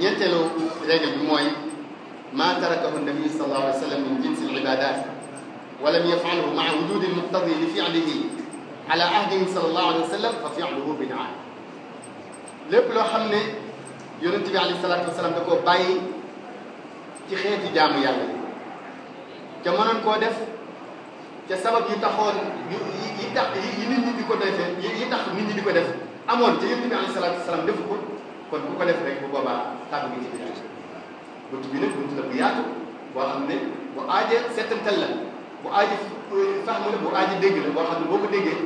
[SPEAKER 1] ñeenteelu règle bi mooy maa tarakahu nabi sallallahu alayhi wa sallam min jinsi al ibadat wa lam yafalahu maa wujudi al muqtadi li fi'lihi ala ahdihi sallallahu alayhi wa sallam fa fi'luhu bid'a lépp loo xam ne yonent bi alayhi salaatu wasalaam da koo bàyyi ci xeeti jaamu yàlla yi ca mënoon koo def ca sabab yi taxoon yu yi tax yi nit di ko defee yi tax nit ñi di ko def amoon ci yonent bi alayhi salaatu wasalaam defu ko kon ku ko def rek bu boobaa tàbbi nga ci biir bunt bi nag bunt la bu yaatu boo xam ne bu aajee settantal la bu aaji faxmu la bu aaji dégg la boo xam ne boo ko déggee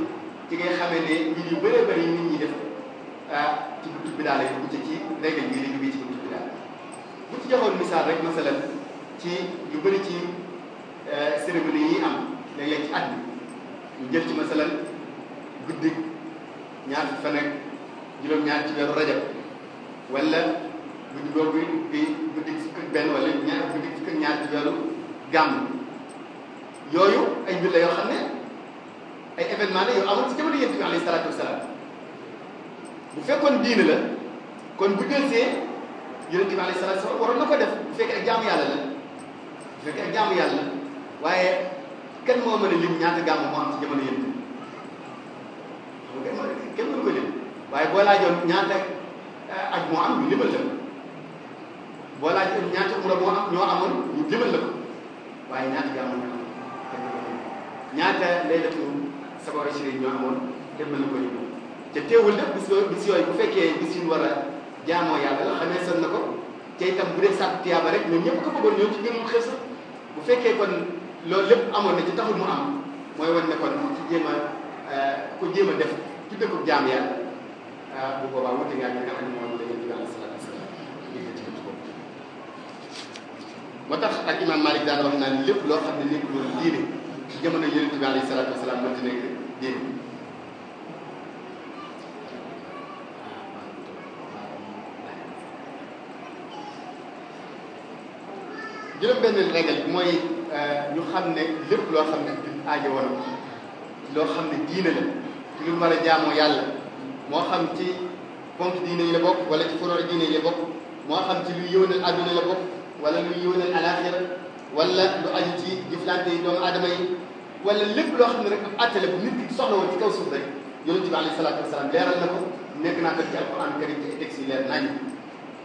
[SPEAKER 1] ci ngay xamee ne ñi yu bëree bëri nit ñi def ci buntu bi daal lay dugg joxoon misaal rek masalan ci yu ci eh, cérémonie yi am léeg-léeg ci at bi ñu jël ci masalan guddi ñaar fi fan ak juróom-ñaar ci weeru rajab wala guddi googu bi guddi fukk ak benn wala ñaar guddi ñaar ci weeru gàmm yooyu ay mbir la yoo xam ne ay événement la yoo amoon ci jamono yonent bi alayhi salaatu wasalaam bu fekkoon diine la kon bu delsee yonent bi alayhi salaatu salaam waroon na ko def bu fekkee ak jaamu yàlla la bu fekkee ak jaamu yàlla waaye kenn moo mën a lim ñaata gàmmu moo am ci jamono yëpp xam nga kenn mënu ko lim waaye boo laajoon ñaata eh, aj moo am ñu limal la ko boo laajoon ñaata umra moo am ñoo amoon ñu limal la ko waaye ñaata gàmmu ñoo am ñaata laylatul sab'a wa ishriin ñoo amoon kenn mënu ko lim te teewul def bis bu fekkee bis yu war a jaamoo yàlla la xamee san na ko te itam bu dee sàkk tiyaaba rek ñoom ñëpp ko bëggoon ñoo ci gënoon xew sa bu fekkee kon loolu lépp amoon na ci taxul mu am mooy wan ne kon ci jéem a euh, ku jéem a def ci dëkku jaam ah, bu boobaa wute ngaa ñi nga xam ne moom la ñu daal salaatu salaam ci moo tax ak imam Malik daan wax naan lépp loo xam ne nekkul woon diine ci jamono yonent bi alayhi salaatu wasalaam mënti nekk diine juróom-benn régal bi mooy euh, ñu xam ne lépp loo xam ne du aajo woon loo xam ne diine la ci lu mën a jaamoo yàlla moo xam ci ponk diine yi la bokk wala ci furoor diine yi la bokk moo xam ci luy yëwnal adduna la bokk wala luy yëwnal alaxira wala lu aju ci jëflante yi doomu aadama yi wala lépp loo xam ne rek ab attale bu nit ki soxla woon ci kaw suuf rek yonente bi alayhi salaatu wasalaam leeral na ko nekk naa ko ci alquran karim ci texte yi leer nañu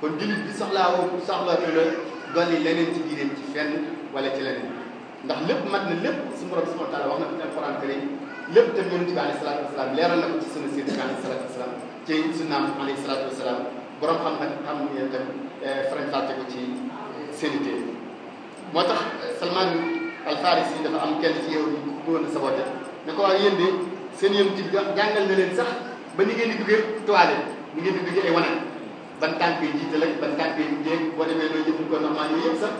[SPEAKER 1] kon jullit bi soxlaa woo soxla la dolli leneen ci diineem ci fenn wala ci leneen ndax lépp mat na lépp suñu borom subhanahu wa taala wax na ko ci alquran karim lépp tam yonent bi alayhi salatu wasalaam leeral na ko ci sunna seen bi alayhi salatu wasalaam ci sunnaam alayhi salatu wasalaam borom xam nag xam ne tam eh, farañ fàtte ko ci seeni téere moo tax Salman al-Farisi yi dafa am kenn ci yow bu bëggoon a saboté ne ko waaye yéen de seen yonent bi jàngal na leen sax ba ni ngeen di duggee toilette ni ngeen di duggee ay wanag ban tànk yi jiite la ban tànk yi mujjee boo demee looy jëfandikoo normal yooyu yëpp sax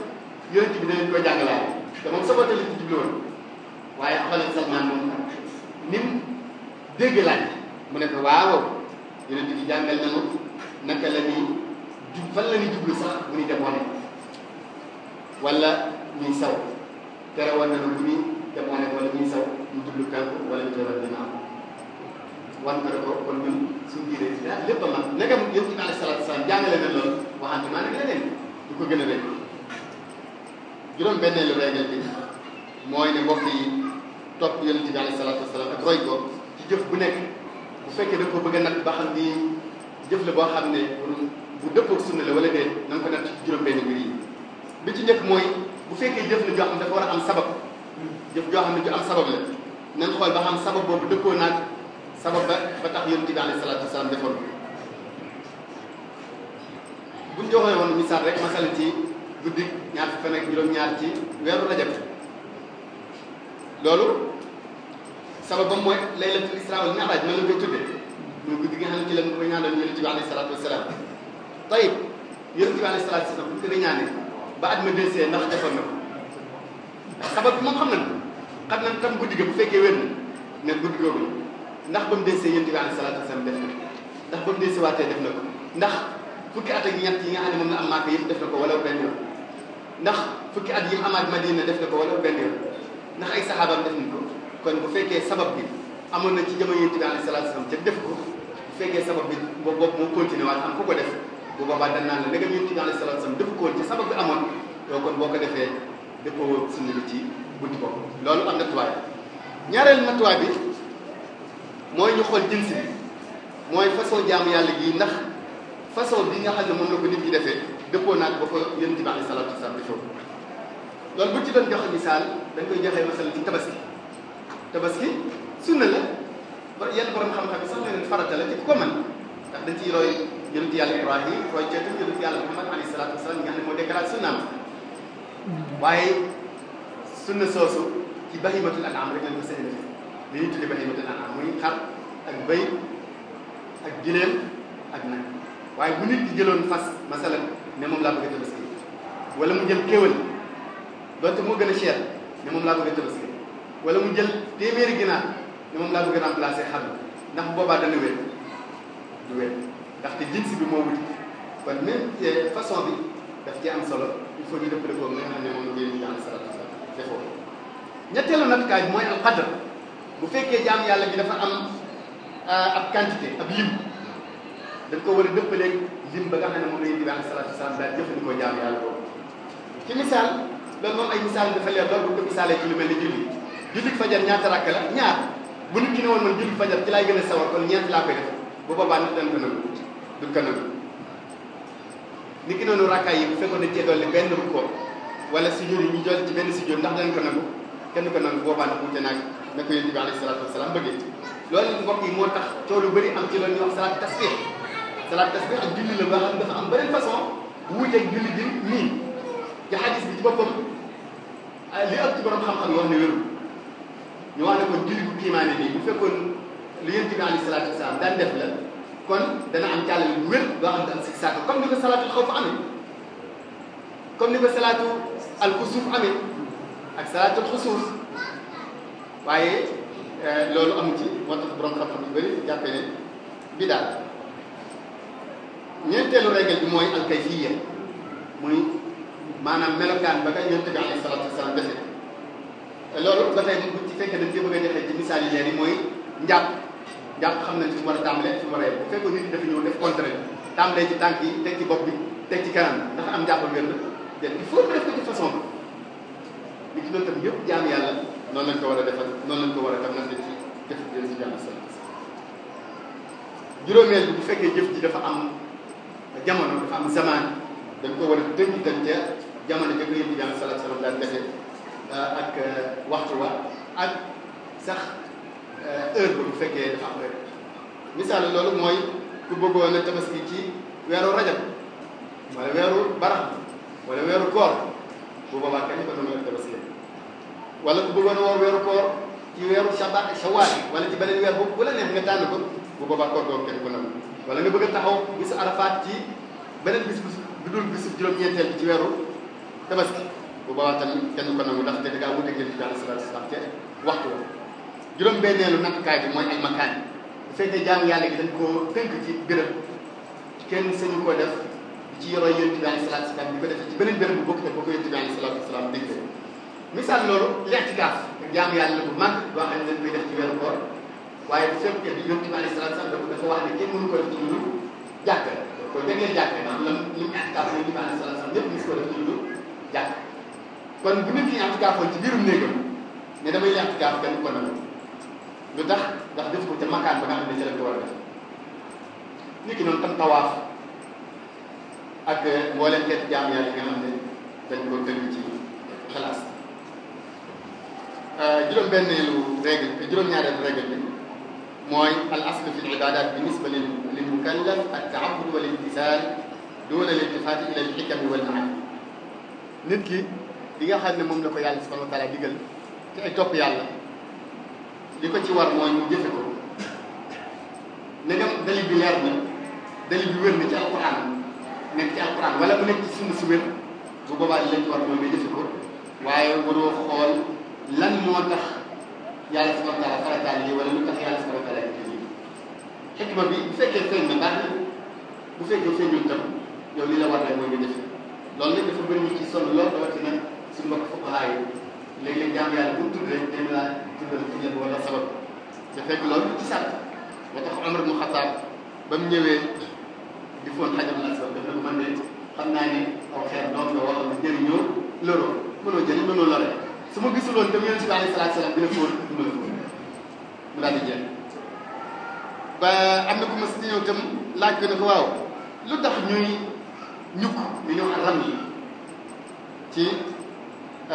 [SPEAKER 1] yonent bi dañ ko jàngalaat te moom sabota la waaye xoolal Salman moom ni dégg laaj mu ne ko waaw yonent bi jàngal nañu naka la ñuy fan la ñuy jublu sax bu ñuy demoone wala ñuy saw tere na nañu bu ñuy demoone wala ñuy saw ñu jublu kanku wala ñu jëloon dina am wan ko ne ko kon ñun suñu diine ci daal lépp a man ndegam yëpp ci alayhi salaatu salaam jàngale na loolu waxante maa nag leneen du ko gën a rek mooy ne mbokk yi topp yonent bi alayhi salaatu salaam jëf bu nekk bu fekkee da ko bëgg a nag ba xam la boo xam ne bu dëppoog sunna la wala déet na nga ko ci juróom benn mbir yi bi ci njëkk mooy bu fekkee jëf la joo xam ne dafa war a am sabab jëf joo xam ne ju am sabab la nañ xool ba xam sabab boobu dëppoo naag sabab ba ba tax yonent bi alayhi salaatu wasalaam defoon bu ñu woon misaal rek masala ci guddi ñaar fan ak juróom-ñaar ci weeru rajab loolu sababam mooy laylatul la koy tuddee mooy guddi gi nga xam ne ci lañ ko ñaanal bi alayhi salaatu wasalaam tayib yonent bi alayhi salaatu wasalaam bu ñu ko da ba at ma delsee ndax defoon na ko sabab bi moom xam nañ ko xam nañ tam guddi ga bu fekkee wér na ne guddi googu ndax ba mu dese yéen di ko alayhi salaatu def na ndax ba mu dese waatee na ko ndax fukki at ak ñett yi nga xam ne moom la am yëpp def ko wala benn ndax fukki at yi mu amaat Madina def na ko wala benn yoon ndax ay saxaabaam def nañ ko kon bu fekkee sabab bi amoon na ci jamono yéen di ko alayhi salaatu wasalaam def ko bu fekkee bi boobu boobu moo continué waat am ku ko def bu boobaa dañ naan la ndegam yéen di ko alayhi salaatu wasalaam def ko woon ci sabab bi amoon doo kon boo ko defee dëppoo sunna bi ci bunti ko loolu am na tuwaay ñaareel na tuwaay bi mooy ñu xool jënsi mooy façon jaamu yàlla gii ndax façon bi nga xam ne moom la ko nit ñi defee dëppoo naa ba ko yéen ci baax salaatu wasalaam defoo loolu bu ci doon joxe misaal dañ koy joxe masal ci tabaski tabaski sunna la yenn borom xam-xam yi sax ne la ci ko dañ ciy roy yonent yàlla Ibrahim roy ceetu yonent yàlla Muhammad alayhi salaatu wasalaam nga xam ne moo déclaré sunnaam mm. waaye sunna soosu ci bahimatul an'am rek lañ ko seen li ñuy tuddee ba xëy na muy xar ak bëy ak gileem ak nag waaye bu nit di jëloon fas masalan ne moom laa bëgg a tabaski wala mu jël kéwél donte moo gën a cher ne moom laa bëgg a tabaski wala mu jël téeméeri ginaar ne moom laa bëgg a ndax boobaa dana wér du bi moo wuti kon même façon bi daf ci am solo il faut ñu dëppale ko nga xam ne moom ngeen di ñaan salatu salaam defoo ñetteelu nattukaay bi mooy alqadar bu fekkee jaam yàlla bi dafa am euh, ab quantité ab lim dañ ko war a dëppaleeg lim ba nga xam ne moom la yonent bi alayhi salaatu wasalaam daal jëfandikoo jaam yàlla boobu ci misaal loolu moom ay misaal dafa leer loolu bu ko misaalee ci lu mel ni julli julli fajar ñaata rakk la ñaar bu nit ki ne woon man julli fajar ci laay gën a sawar kon ñeent laa koy def bu boobaa nit dañ ko nangu duñ ko nangu ni ki noonu rakkaay yi bu fekkoon dañ cee dolli benn rukkoo wala sujjóot yi ñu jël ci benn sujjóot ndax dañ ko nangu kenn ko nangu boobaa nag wute na ko yonent bi alayhi salaatu wasalaam bëggee loolu mbokk yi moo tax coow lu bëri am ci loolu ñuy wax salaat tasbih salaat tasbih ak julli la boo xam dafa am beneen façon wuuteeg julli bi nii ci xadis bi ci boppam li ëpp ci borom xam-xam wax ne wérul ñu wax ne kon julli bu kiimaane nii bu fekkoon li yonent bi alayhi salaatu wasalaam daan def la kon dana am càllal bu wér boo xam ne am si saako comme ni ko salaatul xawf amee comme ni ko salaatu al kusuuf amee ak salaatul xusuuf waaye eh, loolu amu ci moo tax borom xam-xam yu bëri jàppee ne bidaa ñeenteelu règle bi mooy alkayfiya muy maanaam melokaan ba nga yonent bi alayhi salaatu wasalaam defee eh, loolu ba tey bu ci fekkee dañ ci bëgg a joxe ci misaal yi leer yi mooy njàpp njàpp xam nañ fi mu war a tàmbalee fi mu war a yem bu fekkoon nit ñi dafa ñëw def contraire tàmbalee ci tànk yi teg ci bopp bi teg ci kanam ndax am njàpp wér na il faut que def ko ci façon bi li ci doon tam yëpp jaam yàlla noonu lañ ko war a defal noonu lañ ko war a tam nan la ci jëf ji leen ci jàll sant juróomeel bi bu fekkee jëf ji dafa am jamono dafa am zaman dañ ko war a tënk tam ca jamono ja ngeen di jàll salaatu salaam daan defe euh, ak euh, waxtu wa ak sax euh, heure bu fekkee dafa am heure misaal loolu mooy ku bëggoon a tabaski ci weeru rajab wala weeru barax wala weeru koor bu boobaa kañ ko doon tabaski wala ku bëggoon a woor weeru koor ci weeru sabat sawaal wala ci beneen weer boobu bu la neex nga tànn ko bu boobaa koor googu kenn ko nangu wala nga bëgg a taxaw gis arafaat ci beneen bis bu dul bisu juróom-ñeenteel bi ci weeru tabaski bu boobaa tamit kenn ko nangu ndax te da ngaa wuteeg yéen ci daal salaatu salaam te waxtu la juróom-benneelu nattukaay bi mooy ay makaan bu fekkee jaamu yàlla gi dañ koo tënk ci béréb kenn sañu ko def ci yoro yéen ci daal salaatu salaam di ko defee ci beneen béréb bu bokk te boo ko yéen ci daal salaatu misaal loolu l'ihtikaf jaam yàlla bu mag boo xam ne dañ koy def ci weeru koor waaye bu fekkee bi yonent bi alayhi salaatu salaam dafa wax ne kenn mënu ko def ci lu dul jàkk ko jagleel jàkk ndax lam li mu ihtikaf yonent bi alayhi salaatu salaam ñëpp gis ko def ci lu dul jàkk kon bu nit ki ihtikafoon ci biirum néegam ne damay ihtikaf kenn ko nangu lu tax ndax def ko ca makaan ba nga xam ne ca la ko war a def nit ki noonu tam tawaaf ak mbooleem xeeti jaam yàlla yi nga xam ne dañ ko tënk ci xalaas Euh, juróom-benneelu règle bi euh, juróom-ñaareelu règle bi mooy al aslu fi l ibadat binisba lil lil mukallaf at taabud wal imtisal duna al iltifati ila al xikami wal maani nit ki li nga xam ne moom la ko yàlla subhanahu wa taala digal te ay topp yàlla li ko ci war mooy mu jëfe ko ndegam dalil bi leer na dalil bi wér na ci alquran nekk ci alquran wala mu nekk ci sunna si wér bu boobaa li lañ ci war mooy nga jëfe ko waaye waroo xool lan moo tax yàlla subhanahu wa taala farataal lii wala lu tax yàlla subhanahu wa taala bi bu fekkee feeñ na baax na bu fekkee feeñul tam yow la war rek mooy nga def loolu nag dafa bëri ñu ci sonn lool rawatina su mbokk fuqahaa yi léeg bu mu tudd rek te fekk loolu ci sàtt moo tax Omar mu Xattaab ba mu ñëwee di foon xajam la sabab dafa ne ko man de xam naa ni aw xeer doom nga waxoon na jëriñoo loroo mënoo jëriñ su ma gisuloon tam yonent bi alayhi salaatu salaam dina fóon du daal di jeex ba am na ku ma si ñëw tam laaj ko ne ko waaw lu tax ñuy ñukk ñu ñëw ram yi ci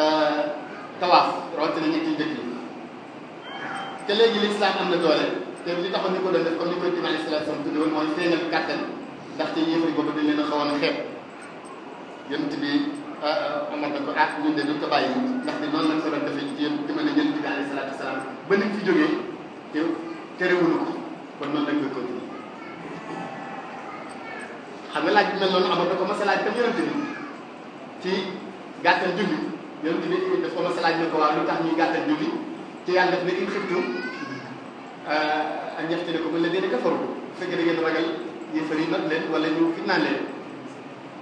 [SPEAKER 1] euh, tawaaf rawatina ñetti njëkk yi te léegi lislaam am na doole te li taxoon ñu ko doon def comme ni ko yonent bi alayhi salaatu salaam tudde woon mooy feeñal kàttan ndaxte yéefar boobu dañ leen a xawoon a xeeb yonent bi Omar euh, da ko ah ñun de duñ ko bàyyi ndax de noonu lañ ko doon defee ci yéen dimbali yéen bi alayhi salaatu wasalaam ba ni fi jógee te terewul ko kon noonu lañ koy continuer xam nga laaj bi mel noonu Omar da ko mos a laaj tam yonent bi ci gàttal julli yonent bi daf ko mos a laaj ne ko waaw lu tax ñuy gàttal julli te yàlla def na in xiftum ak ñaxte ne ko mën la dee kafaru bu fekkee da ngeen ragal yéefar yi not leen wala ñu fitnaan leen.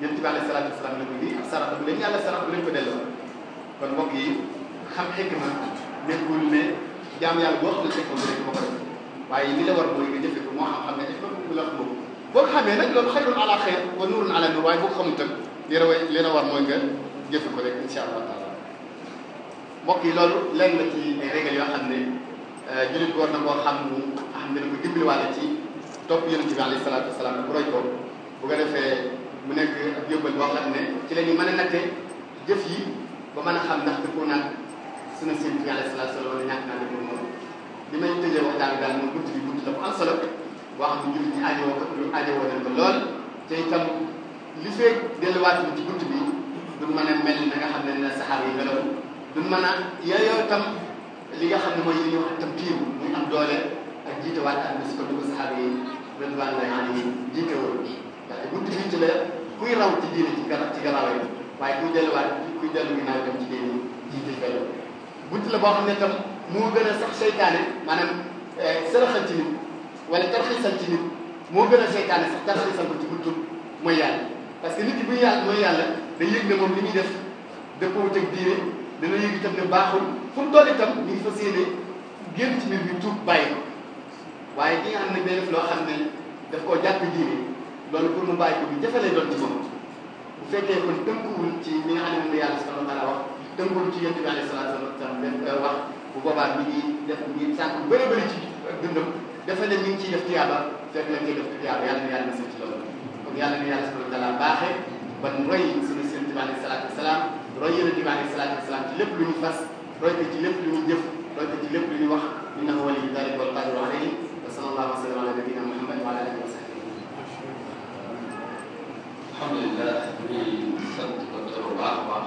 [SPEAKER 1] yonent bi alayhi salaatu wasalaam la ko lii ak sarax bu leen yàlla sarax bu leen ko delloo kon mbokk yi xam xikma nekkul ne jaam yàlla boo xam ne fekkoon bi rek ma ko def waaye li la war mooy nga jëfee ko moo xam-xam ne est-ce que la ko boo nag loolu xayrun ala xayr wa nuurun ala nuur waaye boo xamul tam li la li la war mooy nga jëfe ko rek insha allah taala mbokk yi loolu la ci ay régal yoo xam ne euh, jullit war na koo xam mu xam ne dina ko dimbaliwaale ci topp yonent bi alayhi salaatu wasalaam bu roy mu nekk ak yóbbal boo xam ne ci la ñu mën a natte jëf yi ba mën a xam ndax dëppoo naag sunu Sëriñ bi alayhi salaatu salaam wala ñàkk naa dëppoo moom li may tëjee waxtaan bi daal moom bunt bi bunt la bu am solo boo xam ne jullit ñi ko lu aajowoo nañ ko lool te itam li fee delluwaat ci bunt bi duñ mën a mel na nga xam ne ne saxaar yi meloon duñ mën a yeyoo tam li nga xam ne mooy li ñuy wax tam tiiru muy am doole a jiite waat ak bis ko du ko buntu bi ci la kuy raw ci diine ci gala ci gala lay waaye kuy delluwaat kuy dellu ginnaaw dem ci diine ci ci gala buntu la boo xam ne tam moo gën a sax seytaane maanaam eh, sërëxal ci nit wala tarxiisal ci nit moo gën a seytaane sax tarxiisal ko ci buntu mooy yàlla parce que nit ki bu yàlla mooy yàlla day yëg ne moom li ñuy def dëppoo teg diine dana yëg itam ne baaxul fu mu toll itam ñu ngi fas yéene génn ci mbir bi tuub bàyyi ko waaye ki nga xam def koo jàpp diine loolu pour mu bàyyi ko bu jafe lay doon ci moom bu fekkee kon tënkuwul ci li nga xam ne moom la yàlla subhanahu wa taala wax tënkuwul ci yonent bi alayhi salaatu wa salaam leen euh, wax bu boobaa mi ngi def mi ngi sànq bëri bëri ci dundam defe ne mi ngi ciy def tuyaaba fekk la ngay def tuyaaba yàlla na yàlla na ci loolu kon yàlla na yàlla subhanahu wa taala baaxee ban roy suñu yonent bi alayhi salaatu wa salaam roy yonent bi alayhi salaatu wa salaam ci lépp lu ñu fas roy ko ci lépp lu ñu jëf roy ko ci lépp lu ñu wax innahu waliyyu dhaalika wal qaadiru alayhi wa sallallahu wa sallam ala nabiyyina muhammad wa ala alihi wa sahbihi alhamdulilah ñu ngi sant docteur bu baax a baax.